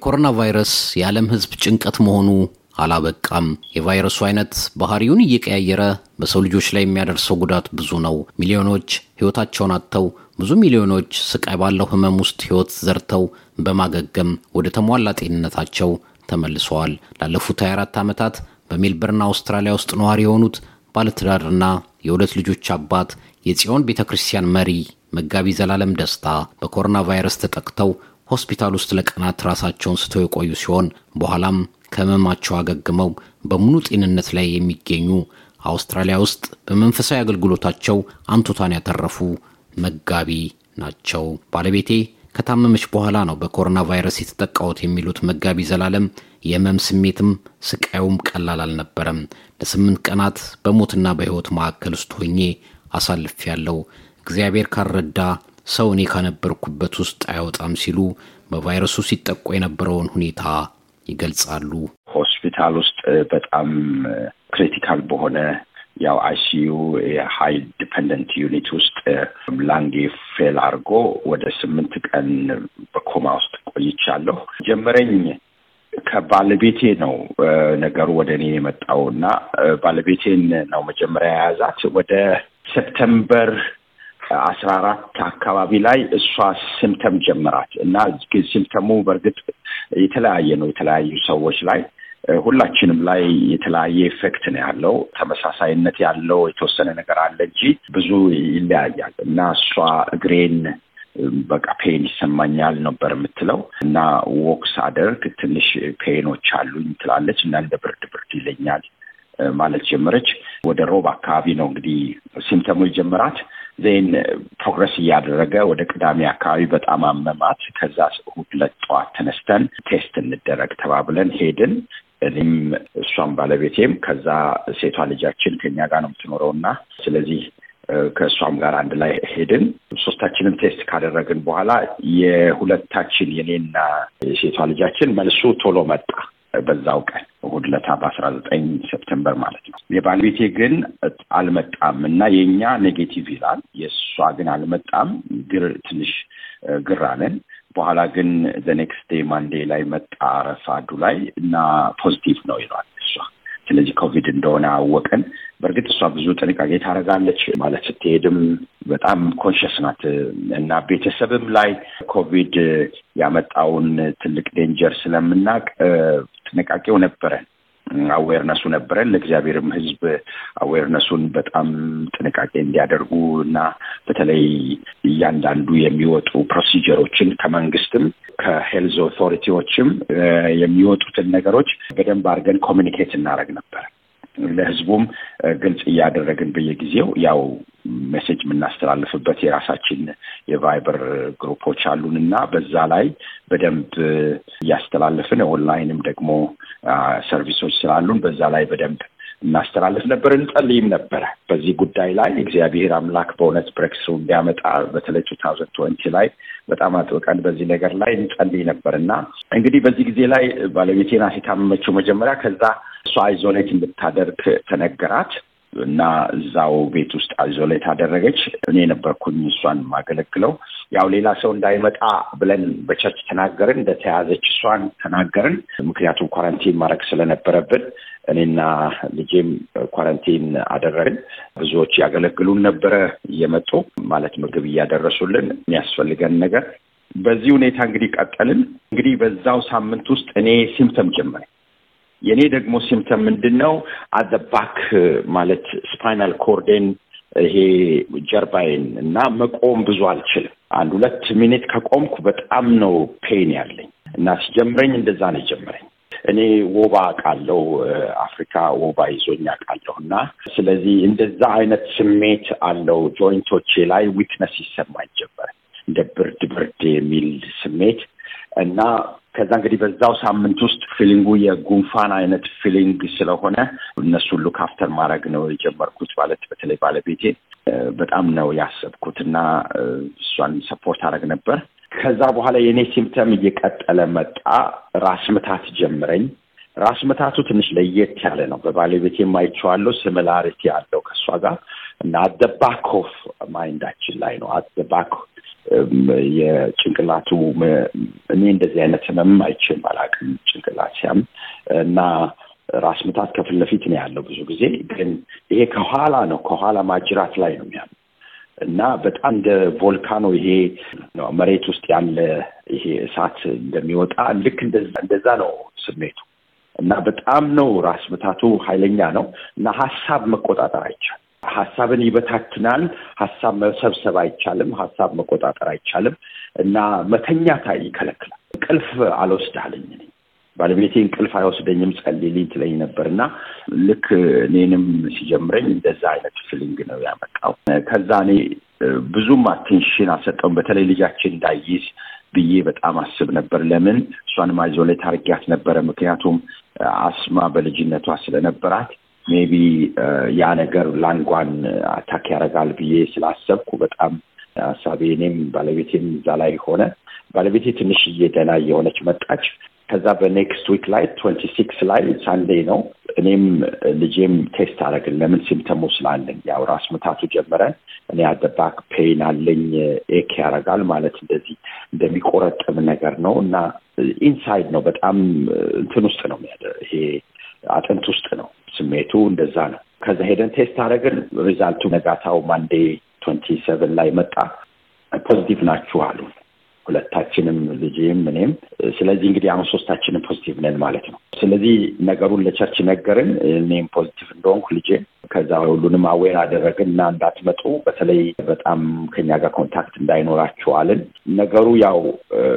የኮሮና ቫይረስ የዓለም ሕዝብ ጭንቀት መሆኑ አላበቃም። የቫይረሱ አይነት ባህሪውን እየቀያየረ በሰው ልጆች ላይ የሚያደርሰው ጉዳት ብዙ ነው። ሚሊዮኖች ሕይወታቸውን አጥተው ብዙ ሚሊዮኖች ስቃይ ባለው ህመም ውስጥ ሕይወት ዘርተው በማገገም ወደ ተሟላ ጤንነታቸው ተመልሰዋል። ላለፉት 24 ዓመታት በሜልበርን አውስትራሊያ ውስጥ ነዋሪ የሆኑት ባለትዳርና የሁለት ልጆች አባት የጽዮን ቤተ ክርስቲያን መሪ መጋቢ ዘላለም ደስታ በኮሮና ቫይረስ ተጠቅተው ሆስፒታል ውስጥ ለቀናት ራሳቸውን ስተው የቆዩ ሲሆን በኋላም ከህመማቸው አገግመው በሙሉ ጤንነት ላይ የሚገኙ አውስትራሊያ ውስጥ በመንፈሳዊ አገልግሎታቸው አንቱታን ያተረፉ መጋቢ ናቸው። ባለቤቴ ከታመመች በኋላ ነው በኮሮና ቫይረስ የተጠቃወት የሚሉት መጋቢ ዘላለም የህመም ስሜትም ስቃዩም ቀላል አልነበረም። ለስምንት ቀናት በሞትና በህይወት መካከል ውስጥ ሆኜ አሳልፍ ያለው እግዚአብሔር ካልረዳ ሰው እኔ ካነበርኩበት ውስጥ አያወጣም ሲሉ በቫይረሱ ሲጠቁ የነበረውን ሁኔታ ይገልጻሉ። ሆስፒታል ውስጥ በጣም ክሪቲካል በሆነ ያው አይሲዩ የሀይ ዲፐንደንት ዩኒት ውስጥ ላንጌ ፌል አድርጎ ወደ ስምንት ቀን በኮማ ውስጥ ቆይቻለሁ። ጀመረኝ ከባለቤቴ ነው ነገሩ ወደ እኔ የመጣው እና ባለቤቴን ነው መጀመሪያ የያዛት ወደ ሴፕተምበር አስራ አራት አካባቢ ላይ እሷ ሲምተም ጀመራት እና ሲምተሙ በእርግጥ የተለያየ ነው የተለያዩ ሰዎች ላይ ሁላችንም ላይ የተለያየ ኢፌክት ነው ያለው። ተመሳሳይነት ያለው የተወሰነ ነገር አለ እንጂ ብዙ ይለያያል እና እሷ እግሬን በቃ ፔን ይሰማኛል ነበር የምትለው እና ወክስ አደርግ ትንሽ ፔኖች አሉኝ ትላለች እና እንደ ብርድ ብርድ ይለኛል ማለት ጀመረች። ወደ ሮብ አካባቢ ነው እንግዲህ ሲምተሙ ጀመራት። ዜን ፕሮግረስ እያደረገ ወደ ቅዳሜ አካባቢ በጣም አመማት። ከዛ እሑድ ዕለት ጠዋት ተነስተን ቴስት እንደረግ ተባብለን ሄድን። እኔም እሷም ባለቤቴም። ከዛ ሴቷ ልጃችን ከኛ ጋር ነው የምትኖረው እና ስለዚህ ከእሷም ጋር አንድ ላይ ሄድን። ሶስታችንም ቴስት ካደረግን በኋላ የሁለታችን የኔና የሴቷ ልጃችን መልሱ ቶሎ መጣ። በዛው ቀን እሁድ ለታ በአስራ ዘጠኝ ሴፕቴምበር ማለት ነው። የባለቤቴ ግን አልመጣም እና የእኛ ኔጌቲቭ ይላል፣ የእሷ ግን አልመጣም። ግር ትንሽ ግር አለን። በኋላ ግን ዘ ኔክስት ዴይ ማንዴ ላይ መጣ ረፋዱ ላይ እና ፖዚቲቭ ነው ይሏል። ስለዚህ ኮቪድ እንደሆነ አወቀን። በእርግጥ እሷ ብዙ ጥንቃቄ ታደርጋለች ማለት ስትሄድም በጣም ኮንሽስ ናት እና ቤተሰብም ላይ ኮቪድ ያመጣውን ትልቅ ዴንጀር ስለምናቅ ጥንቃቄው ነበረን። አዌርነሱ ነበረን። ለእግዚአብሔርም ሕዝብ አዌርነሱን በጣም ጥንቃቄ እንዲያደርጉ እና በተለይ እያንዳንዱ የሚወጡ ፕሮሲጀሮችን ከመንግስትም ከሄልዝ ኦቶሪቲዎችም የሚወጡትን ነገሮች በደንብ አድርገን ኮሚኒኬት እናደረግ ነበር። ለህዝቡም ግልጽ እያደረግን በየጊዜው ያው ሜሴጅ የምናስተላልፍበት የራሳችን የቫይበር ግሩፖች አሉን እና በዛ ላይ በደንብ እያስተላልፍን ኦንላይንም ደግሞ ሰርቪሶች ስላሉን በዛ ላይ በደንብ እናስተላልፍ ነበር፣ እንጸልይም ነበረ። በዚህ ጉዳይ ላይ እግዚአብሔር አምላክ በእውነት ብሬክስሩ እንዲያመጣ በተለይ ቱ ታውዘንድ ትወንቲ ላይ በጣም አጥብቀን በዚህ ነገር ላይ እንጸልይ ነበር እና እንግዲህ በዚህ ጊዜ ላይ ባለቤቴ ናት መጀመሪያ። ከዛ እሷ አይዞሌት እንድታደርግ ተነገራት እና እዛው ቤት ውስጥ አይዞሌት አደረገች። እኔ ነበርኩኝ እሷን የማገለግለው። ያው ሌላ ሰው እንዳይመጣ ብለን በቸርች ተናገርን። እንደተያዘች እሷን ተናገርን። ምክንያቱም ኳረንቲን ማድረግ ስለነበረብን እኔና ልጄም ኳረንቲን አደረግን። ብዙዎች ያገለግሉን ነበረ እየመጡ ማለት ምግብ እያደረሱልን የሚያስፈልገን ነገር። በዚህ ሁኔታ እንግዲህ ቀጠልን። እንግዲህ በዛው ሳምንት ውስጥ እኔ ሲምተም ጀመረ። የእኔ ደግሞ ሲምተም ምንድን ነው? አዘባክ ማለት ስፓይናል ኮርዴን ይሄ ጀርባዬን እና መቆም ብዙ አልችልም። አንድ ሁለት ሚኒት ከቆምኩ በጣም ነው ፔን ያለኝ እና ሲጀምረኝ እንደዛ ነው የጀመረኝ እኔ ወባ ቃለው አፍሪካ ወባ ይዞኝ አውቃለሁ። እና ስለዚህ እንደዛ አይነት ስሜት አለው ጆይንቶቼ ላይ ዊክነስ ይሰማኝ ጀመር እንደ ብርድ ብርድ የሚል ስሜት እና ከዛ እንግዲህ በዛው ሳምንት ውስጥ ፊሊንጉ የጉንፋን አይነት ፊሊንግ ስለሆነ እነሱ ሉክ አፍተር ማድረግ ነው የጀመርኩት። ማለት በተለይ ባለቤቴ በጣም ነው ያሰብኩት እና እሷን ሰፖርት አደረግ ነበር። ከዛ በኋላ የእኔ ሲምፕተም እየቀጠለ መጣ። ራስ ምታት ጀምረኝ። ራስ ምታቱ ትንሽ ለየት ያለ ነው። በባለቤቴም የማይቸዋለው ሲሚላሪቲ ያለው ከእሷ ጋር እና አደባክ ኦፍ ማይንዳችን ላይ ነው። አደባክ um, የጭንቅላቱ እኔ እንደዚህ አይነት ህመም አይችልም አላውቅም። ጭንቅላት ሲያም እና ራስ ምታት ከፊት ለፊት ነው ያለው ብዙ ጊዜ። ግን ይሄ ከኋላ ነው፣ ከኋላ ማጅራት ላይ ነው የሚያም እና በጣም እንደ ቮልካኖ ይሄ መሬት ውስጥ ያለ ይሄ እሳት እንደሚወጣ ልክ እንደዛ ነው ስሜቱ። እና በጣም ነው ራስ ምታቱ ኃይለኛ ነው እና ሀሳብ መቆጣጠር አይቻልም። ሀሳብን ይበታትናል። ሀሳብ መሰብሰብ አይቻልም። ሀሳብ መቆጣጠር አይቻልም እና መተኛታ ይከለክላል። ቅልፍ አልወስዳለኝ ባለቤቴ እንቅልፍ አይወስደኝም ጸልልኝ ትለኝ ነበር እና ልክ እኔንም ሲጀምረኝ እንደዛ አይነት ፊሊንግ ነው ያመጣው። ከዛ እኔ ብዙም አቴንሽን አልሰጠውም። በተለይ ልጃችን እንዳይዝ ብዬ በጣም አስብ ነበር። ለምን እሷን ማይዞሌት አርጊያት ነበረ። ምክንያቱም አስማ በልጅነቷ ስለነበራት ሜቢ ያ ነገር ላንጓን አታክ ያደርጋል ብዬ ስላሰብኩ በጣም ሀሳቤ እኔም ባለቤቴም እዛ ላይ ሆነ። ባለቤቴ ትንሽዬ ደህና የሆነች መጣች። ከዛ በኔክስት ዊክ ላይ ትንቲ ሲክስ ላይ ሳንዴ ነው። እኔም ልጄም ቴስት አደረግን። ለምን ሲምተሙ ስላለኝ ያው ራስ ምታቱ ጀመረ። እኔ አደባክ ፔን አለኝ። ኤክ ያደርጋል ማለት እንደዚህ እንደሚቆረጥም ነገር ነው እና ኢንሳይድ ነው በጣም እንትን ውስጥ ነው ይሄ አጥንት ውስጥ ነው ስሜቱ እንደዛ ነው። ከዛ ሄደን ቴስት አደረግን። ሪዛልቱ ነጋታው ማንዴ ትወንቲ ሰቨን ላይ መጣ። ፖዚቲቭ ናችሁ አሉን። ሁለታችንም ልጅም እኔም። ስለዚህ እንግዲህ አሁን ሶስታችንም ፖዚቲቭ ነን ማለት ነው። ስለዚህ ነገሩን ለቸርች ነገርን። እኔም ፖዚቲቭ እንደሆንኩ ልጄ ከዛ ሁሉንም አዌር አደረግን እና እንዳትመጡ በተለይ በጣም ከኛ ጋር ኮንታክት እንዳይኖራችሁ አልን። ነገሩ ያው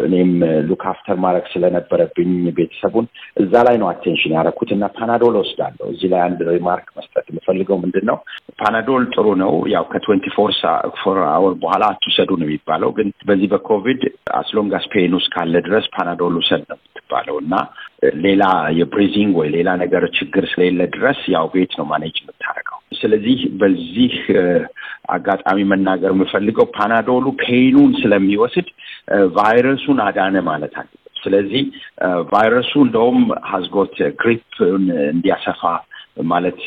እኔም ሉክ አፍተር ማድረግ ስለነበረብኝ ቤተሰቡን እዛ ላይ ነው አቴንሽን ያደረኩት እና ፓናዶል ወስዳለሁ። እዚህ ላይ አንድ ሪማርክ መስጠት የምፈልገው ምንድን ነው፣ ፓናዶል ጥሩ ነው። ያው ከትዌንቲ ፎር አወር በኋላ አትውሰዱ ነው የሚባለው፣ ግን በዚህ በኮቪድ አስሎንጋስ ፔን ውስጥ ካለ ድረስ ፓናዶል ውሰድ ነው የምትባለው እና ሌላ የብሪዚንግ ወይ ሌላ ነገር ችግር ስለሌለ ድረስ ያው ቤት ነው ማኔጅ የምታደርገው። ስለዚህ በዚህ አጋጣሚ መናገር የምፈልገው ፓናዶሉ ፔኑን ስለሚወስድ ቫይረሱን አዳነ ማለት አለ። ስለዚህ ቫይረሱ እንደውም ሀዝጎት ግሪፕ እንዲያሰፋ ማለት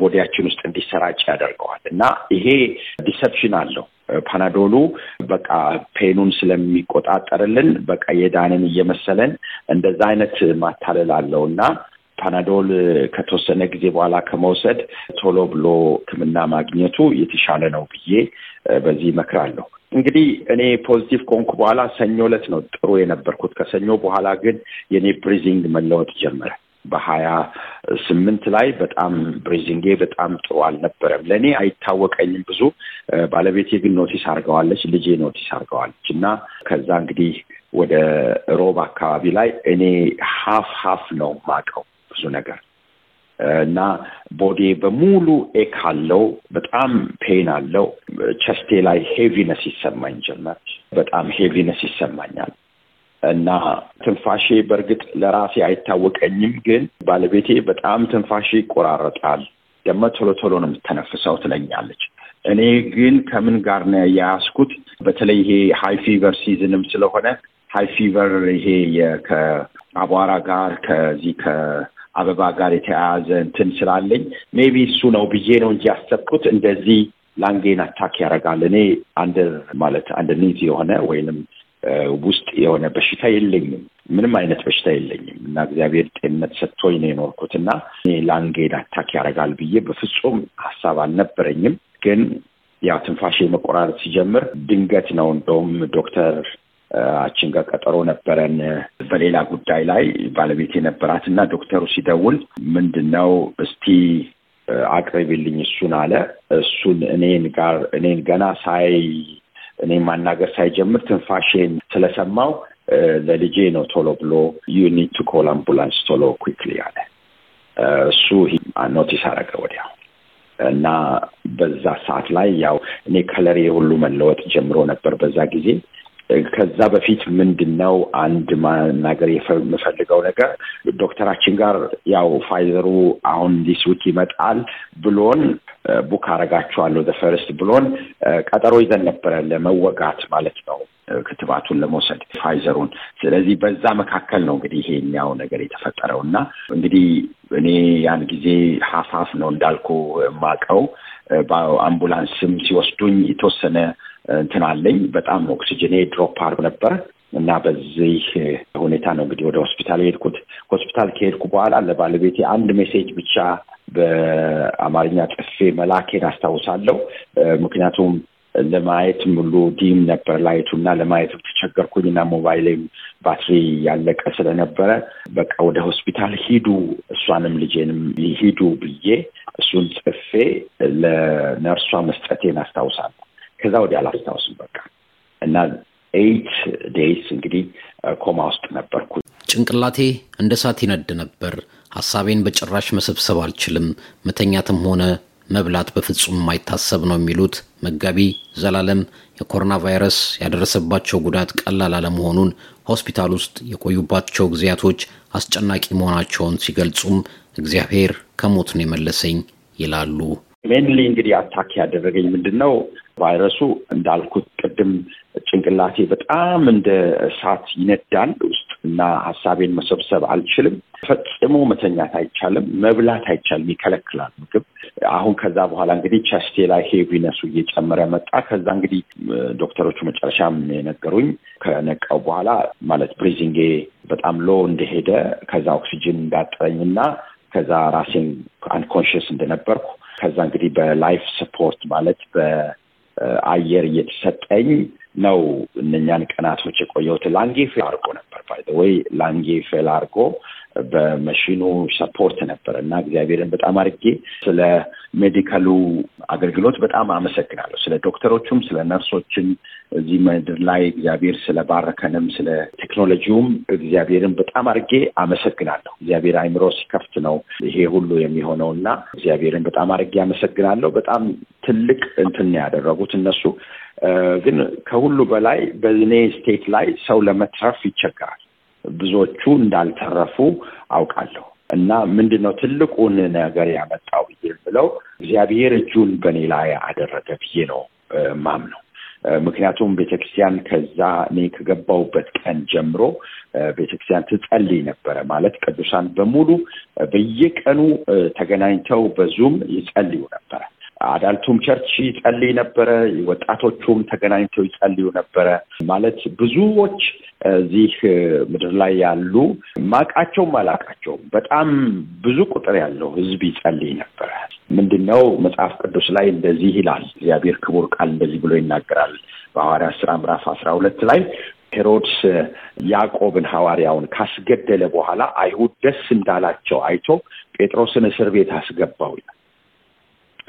ቦዲያችን ውስጥ እንዲሰራጭ ያደርገዋል እና ይሄ ዲሰፕሽን አለው ፓናዶሉ በቃ ፔኑን ስለሚቆጣጠርልን በቃ የዳንን እየመሰለን እንደዛ አይነት ማታለል አለው እና ፓናዶል ከተወሰነ ጊዜ በኋላ ከመውሰድ ቶሎ ብሎ ሕክምና ማግኘቱ የተሻለ ነው ብዬ በዚህ እመክራለሁ። እንግዲህ እኔ ፖዚቲቭ ከሆንኩ በኋላ ሰኞ ዕለት ነው ጥሩ የነበርኩት። ከሰኞ በኋላ ግን የኔ ብሪዚንግ መለወጥ ጀመረ። በሀያ ስምንት ላይ በጣም ብሬዚንጌ በጣም ጥሩ አልነበረም። ለእኔ አይታወቀኝም ብዙ ባለቤቴ ግን ኖቲስ አርገዋለች። ልጄ ኖቲስ አድርገዋለች እና ከዛ እንግዲህ ወደ ሮብ አካባቢ ላይ እኔ ሀፍ ሀፍ ነው ማቀው ብዙ ነገር እና ቦዴ በሙሉ ኤክ አለው፣ በጣም ፔን አለው። ቸስቴ ላይ ሄቪነስ ይሰማኝ ጀመር። በጣም ሄቪነስ ይሰማኛል እና ትንፋሼ በእርግጥ ለራሴ አይታወቀኝም፣ ግን ባለቤቴ በጣም ትንፋሼ ይቆራረጣል፣ ደግሞ ቶሎ ቶሎ ነው የምትተነፍሰው ትለኛለች። እኔ ግን ከምን ጋር ነው የያዝኩት? በተለይ ይሄ ሀይ ፊቨር ሲዝንም ስለሆነ ሀይ ፊቨር ይሄ ከአቧራ ጋር ከዚህ ከአበባ ጋር የተያያዘ እንትን ስላለኝ ሜቢ እሱ ነው ብዬ ነው እንጂ ያሰብኩት እንደዚህ ላንጌን አታክ ያደርጋል። እኔ አንደር ማለት አንድ አንደርኒዝ የሆነ ወይንም ውስጥ የሆነ በሽታ የለኝም። ምንም አይነት በሽታ የለኝም እና እግዚአብሔር ጤንነት ሰጥቶኝ ነው የኖርኩት እና ላንጌድ አታክ ያደርጋል ብዬ በፍጹም ሀሳብ አልነበረኝም። ግን ያው ትንፋሽ መቆራረጥ ሲጀምር ድንገት ነው እንደውም ዶክተር አችን ጋር ቀጠሮ ነበረን በሌላ ጉዳይ ላይ ባለቤት የነበራት እና ዶክተሩ ሲደውል ምንድን ነው እስቲ አቅርቢልኝ እሱን አለ። እሱን እኔን ጋር እኔን ገና ሳይ እኔ ማናገር ሳይጀምር ትንፋሽን ስለሰማው ለልጄ ነው ቶሎ ብሎ ዩ ኒድ ቱ ኮል አምቡላንስ ቶሎ ኩክሊ አለ። እሱ ኖቲስ አረገ ወዲያው እና በዛ ሰዓት ላይ ያው እኔ ከለሬ ሁሉ መለወጥ ጀምሮ ነበር በዛ ጊዜ ከዛ በፊት ምንድን ነው አንድ ማናገር የምፈልገው ነገር ዶክተራችን ጋር ያው ፋይዘሩ አሁን ዲስ ዊክ ይመጣል ብሎን ቡክ አረጋችኋለሁ ዘፈርስት ብሎን ቀጠሮ ይዘን ነበረ ለመወጋት ማለት ነው ክትባቱን ለመውሰድ ፋይዘሩን። ስለዚህ በዛ መካከል ነው እንግዲህ ይሄኛው ነገር የተፈጠረው እና እንግዲህ እኔ ያን ጊዜ ሀፋፍ ነው እንዳልኩ ማቀው በአምቡላንስም ሲወስዱኝ የተወሰነ እንትን አለኝ። በጣም ኦክሲጅኔ ድሮፕ አርብ ነበረ እና በዚህ ሁኔታ ነው እንግዲህ ወደ ሆስፒታል የሄድኩት። ሆስፒታል ከሄድኩ በኋላ ለባለቤቴ አንድ ሜሴጅ ብቻ በአማርኛ ጽፌ መላኬን አስታውሳለሁ። ምክንያቱም ለማየት ሙሉ ዲም ነበር ላይቱ እና ለማየት እና ሞባይሌም ባትሪ ያለቀ ስለነበረ በቃ ወደ ሆስፒታል ሂዱ፣ እሷንም ልጄንም ሂዱ ብዬ እሱን ጽፌ ለነርሷ መስጠቴን አስታውሳለሁ። ከዛ ወዲያ አላስታውስም በቃ እና ኤይት ዴይስ እንግዲህ ኮማ ውስጥ ነበርኩ። ጭንቅላቴ እንደ እሳት ይነድ ነበር። ሀሳቤን በጭራሽ መሰብሰብ አልችልም። መተኛትም ሆነ መብላት በፍጹም የማይታሰብ ነው የሚሉት መጋቢ ዘላለም የኮሮና ቫይረስ ያደረሰባቸው ጉዳት ቀላል አለመሆኑን ሆስፒታል ውስጥ የቆዩባቸው ጊዜያቶች አስጨናቂ መሆናቸውን ሲገልጹም እግዚአብሔር ከሞት ነው የመለሰኝ ይላሉ። ሜንሊ እንግዲህ አታክ ያደረገኝ ምንድን ነው ቫይረሱ እንዳልኩት ቅድም ጭንቅላቴ በጣም እንደ እሳት ይነዳል ውስጥ እና ሀሳቤን መሰብሰብ አልችልም። ፈጽሞ መተኛት አይቻልም፣ መብላት አይቻልም፣ ይከለክላል ምግብ። አሁን ከዛ በኋላ እንግዲህ ቸስቴ ላይ ሄቪነሱ እየጨመረ መጣ። ከዛ እንግዲህ ዶክተሮቹ መጨረሻም የነገሩኝ ከነቃው በኋላ ማለት ብሪዚንጌ በጣም ሎ እንደሄደ ከዛ ኦክሲጅን እንዳጠረኝ እና ከዛ ራሴን አንኮንሽስ እንደነበርኩ ከዛ እንግዲህ በላይፍ ሰፖርት ማለት በ አየር እየተሰጠኝ ነው እነኛን ቀናቶች የቆየሁት። ላንጌ ፌል አድርጎ ነበር ባይ ወይ ላንጌ ፌል አድርጎ በመሽኑ ሰፖርት ነበር እና እግዚአብሔርን በጣም አድርጌ ስለ ሜዲካሉ አገልግሎት በጣም አመሰግናለሁ። ስለ ዶክተሮቹም፣ ስለ ነርሶችም እዚህ ምድር ላይ እግዚአብሔር ስለ ባረከንም፣ ስለ ቴክኖሎጂውም እግዚአብሔርን በጣም አድርጌ አመሰግናለሁ። እግዚአብሔር አይምሮ ሲከፍት ነው ይሄ ሁሉ የሚሆነው እና እግዚአብሔርን በጣም አድርጌ አመሰግናለሁ። በጣም ትልቅ እንትን ያደረጉት እነሱ ግን ከሁሉ በላይ በእኔ ስቴት ላይ ሰው ለመትረፍ ይቸገራል። ብዙዎቹ እንዳልተረፉ አውቃለሁ። እና ምንድን ነው ትልቁን ነገር ያመጣው ብዬ ብለው እግዚአብሔር እጁን በእኔ ላይ አደረገ ብዬ ነው ነው ምክንያቱም ቤተክርስቲያን ከዛ እኔ ከገባውበት ቀን ጀምሮ ቤተክርስቲያን ትጸልይ ነበረ። ማለት ቅዱሳን በሙሉ በየቀኑ ተገናኝተው በዙም ይጸልዩ ነበረ አዳልቱም ቸርች ይጸልይ ነበረ፣ ወጣቶቹም ተገናኝተው ይጸልዩ ነበረ። ማለት ብዙዎች እዚህ ምድር ላይ ያሉ ማቃቸውም አላቃቸውም በጣም ብዙ ቁጥር ያለው ሕዝብ ይጸልይ ነበረ። ምንድን ነው መጽሐፍ ቅዱስ ላይ እንደዚህ ይላል። እግዚአብሔር ክቡር ቃል እንደዚህ ብሎ ይናገራል በሐዋርያት ሥራ ምዕራፍ አስራ ሁለት ላይ ሄሮድስ ያዕቆብን ሐዋርያውን ካስገደለ በኋላ አይሁድ ደስ እንዳላቸው አይቶ ጴጥሮስን እስር ቤት አስገባው ይላል።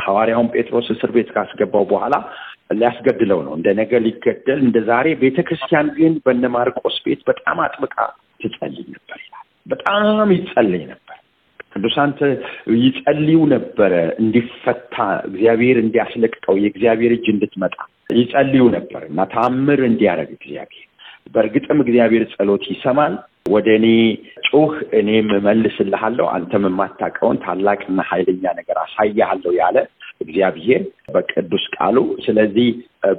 ሐዋርያውን ጴጥሮስ እስር ቤት ካስገባው በኋላ ሊያስገድለው ነው። እንደ ነገ ሊገደል እንደ ዛሬ። ቤተ ክርስቲያን ግን በነ ማርቆስ ቤት በጣም አጥብቃ ትጸልይ ነበር ይላል። በጣም ይጸልይ ነበር። ቅዱሳን ይጸልዩ ነበረ፣ እንዲፈታ እግዚአብሔር እንዲያስለቅቀው የእግዚአብሔር እጅ እንድትመጣ ይጸልዩ ነበር እና ተአምር እንዲያደርግ እግዚአብሔር። በእርግጥም እግዚአብሔር ጸሎት ይሰማል። ወደ እኔ ጩህ፣ እኔም እመልስልሃለሁ፣ አንተም የማታውቀውን ታላቅና ኃይለኛ ነገር አሳያሃለሁ ያለ እግዚአብሔር በቅዱስ ቃሉ። ስለዚህ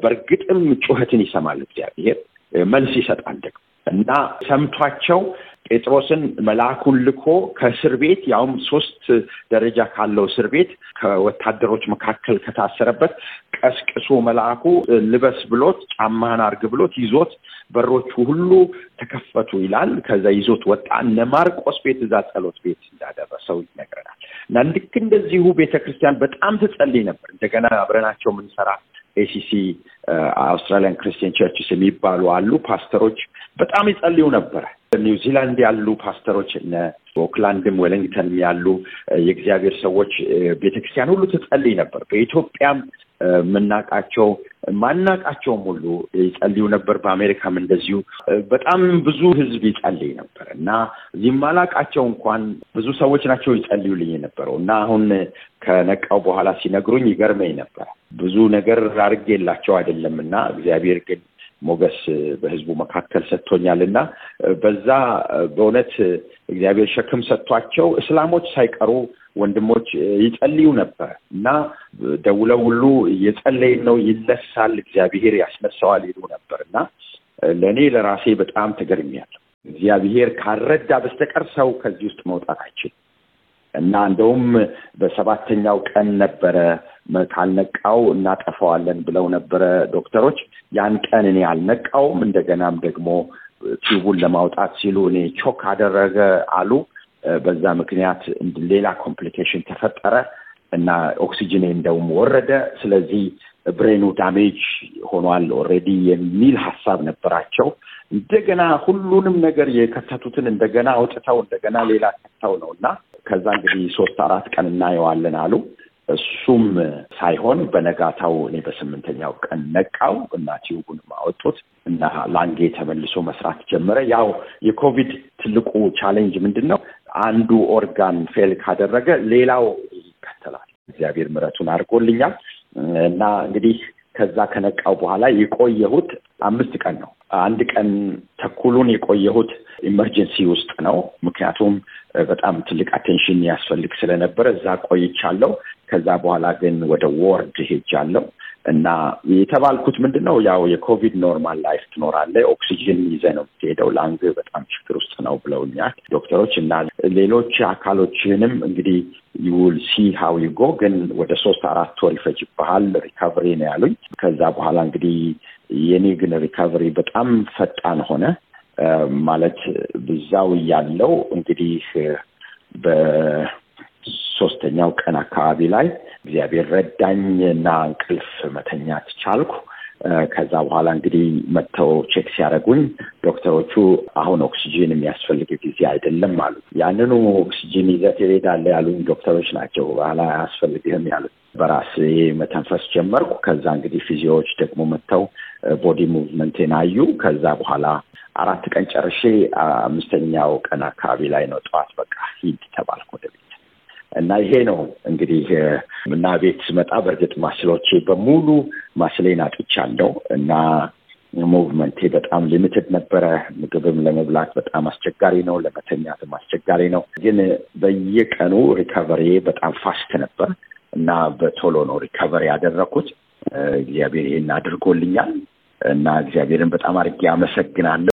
በእርግጥም ጩኸትን ይሰማል እግዚአብሔር መልስ ይሰጣል ደግሞ እና ሰምቷቸው ጴጥሮስን መልአኩን ልኮ ከእስር ቤት ያውም ሶስት ደረጃ ካለው እስር ቤት ከወታደሮች መካከል ከታሰረበት ቀስቅሶ መልአኩ ልበስ ብሎት ጫማህን አርግ ብሎት ይዞት በሮቹ ሁሉ ተከፈቱ ይላል። ከዛ ይዞት ወጣ። እነ ማርቆስ ቤት እዛ ጸሎት ቤት እንዳደረሰው ይነግረናል። እና ልክ እንደዚሁ ቤተ ክርስቲያን በጣም ትጸልይ ነበር። እንደገና አብረናቸው የምንሰራ ኤሲሲ አውስትራሊያን ክርስቲያን ቸርችስ የሚባሉ አሉ። ፓስተሮች በጣም ይጸልዩ ነበረ። ዚላንድ ያሉ ፓስተሮች እነ ኦክላንድም ዌሊንግተንም ያሉ የእግዚአብሔር ሰዎች ቤተክርስቲያን ሁሉ ትጸልይ ነበር። በኢትዮጵያም የምናውቃቸው ማናውቃቸውም ሁሉ ይጸልዩ ነበር። በአሜሪካም እንደዚሁ በጣም ብዙ ሕዝብ ይጸልይ ነበር እና እዚህ እንኳን ብዙ ሰዎች ናቸው ይጸልዩልኝ የነበረው እና አሁን ከነቃው በኋላ ሲነግሩኝ ይገርመኝ ነበር። ብዙ ነገር አድርጌላቸው አይደለም እና እግዚአብሔር ግን ሞገስ በህዝቡ መካከል ሰጥቶኛል እና በዛ በእውነት እግዚአብሔር ሸክም ሰጥቷቸው እስላሞች ሳይቀሩ ወንድሞች ይጸልዩ ነበር እና ደውለው ሁሉ እየጸለይን ነው፣ ይነሳል፣ እግዚአብሔር ያስነሳዋል ይሉ ነበር እና ለእኔ ለራሴ በጣም ተገርሚያለሁ። እግዚአብሔር ካልረዳ በስተቀር ሰው ከዚህ ውስጥ መውጣት አይችልም። እና እንደውም በሰባተኛው ቀን ነበረ ካልነቃው እናጠፋዋለን ብለው ነበረ ዶክተሮች። ያን ቀን እኔ አልነቃውም። እንደገናም ደግሞ ቲቡን ለማውጣት ሲሉ እኔ ቾክ አደረገ አሉ። በዛ ምክንያት ሌላ ኮምፕሊኬሽን ተፈጠረ እና ኦክሲጅኔ እንደውም ወረደ። ስለዚህ ብሬኑ ዳሜጅ ሆኗል ኦልሬዲ የሚል ሀሳብ ነበራቸው። እንደገና ሁሉንም ነገር የከተቱትን እንደገና አውጥተው እንደገና ሌላ ከተው ነው እና ከዛ እንግዲህ ሶስት አራት ቀን እናየዋለን አሉ። እሱም ሳይሆን በነጋታው እኔ በስምንተኛው ቀን ነቃው እና ቲዩቡንም አወጡት እና ላንጌ ተመልሶ መስራት ጀመረ። ያው የኮቪድ ትልቁ ቻሌንጅ ምንድን ነው? አንዱ ኦርጋን ፌል ካደረገ ሌላው ይከተላል። እግዚአብሔር ምረቱን አድርጎልኛል እና እንግዲህ ከዛ ከነቃው በኋላ የቆየሁት አምስት ቀን ነው አንድ ቀን ተኩሉን የቆየሁት ኢመርጀንሲ ውስጥ ነው። ምክንያቱም በጣም ትልቅ አቴንሽን ያስፈልግ ስለነበረ እዛ ቆይቻለሁ። ከዛ በኋላ ግን ወደ ወርድ ሄጃለሁ እና የተባልኩት ምንድን ነው ያው የኮቪድ ኖርማል ላይፍ ትኖራለ፣ ኦክሲጅን ይዘ ነው ሄደው ላንግ በጣም ችግር ውስጥ ነው ብለውኛል ዶክተሮች። እና ሌሎች አካሎችንም እንግዲህ ይውል ሲ ሀው ይጎ ግን ወደ ሶስት አራት ወር ይፈጅብሃል ሪካቨሪ ነው ያሉኝ። ከዛ በኋላ እንግዲህ የኔ ግን ሪካቨሪ በጣም ፈጣን ሆነ። ማለት ብዛው ያለው እንግዲህ በሶስተኛው ቀን አካባቢ ላይ እግዚአብሔር ረዳኝ እና እንቅልፍ መተኛት ቻልኩ። ከዛ በኋላ እንግዲህ መጥተው ቼክ ሲያደርጉኝ ዶክተሮቹ አሁን ኦክሲጂን የሚያስፈልግ ጊዜ አይደለም አሉ። ያንኑ ኦክሲጂን ይዘት ትሄዳለህ ያሉኝ ዶክተሮች ናቸው። በኋላ አያስፈልግህም ያሉት በራሴ መተንፈስ ጀመርኩ። ከዛ እንግዲህ ፊዚዮዎች ደግሞ መጥተው ቦዲ ሙቭመንቴን አዩ። ከዛ በኋላ አራት ቀን ጨርሼ አምስተኛው ቀን አካባቢ ላይ ነው ጠዋት በቃ ሂድ ተባልኩ ወደ ቤት። እና ይሄ ነው እንግዲህ ምና ቤት ስመጣ በእርግጥ ማስሎቼ በሙሉ ማስሌን አጥቻለሁ እና ሙቭመንቴ በጣም ሊሚትድ ነበረ። ምግብም ለመብላት በጣም አስቸጋሪ ነው፣ ለመተኛትም አስቸጋሪ ነው። ግን በየቀኑ ሪካቨሪ በጣም ፋስት ነበር እና በቶሎ ነው ሪካቨሪ ያደረኩት። እግዚአብሔር ይህን አድርጎልኛል እና እግዚአብሔርን በጣም አድርጌ አመሰግናለሁ።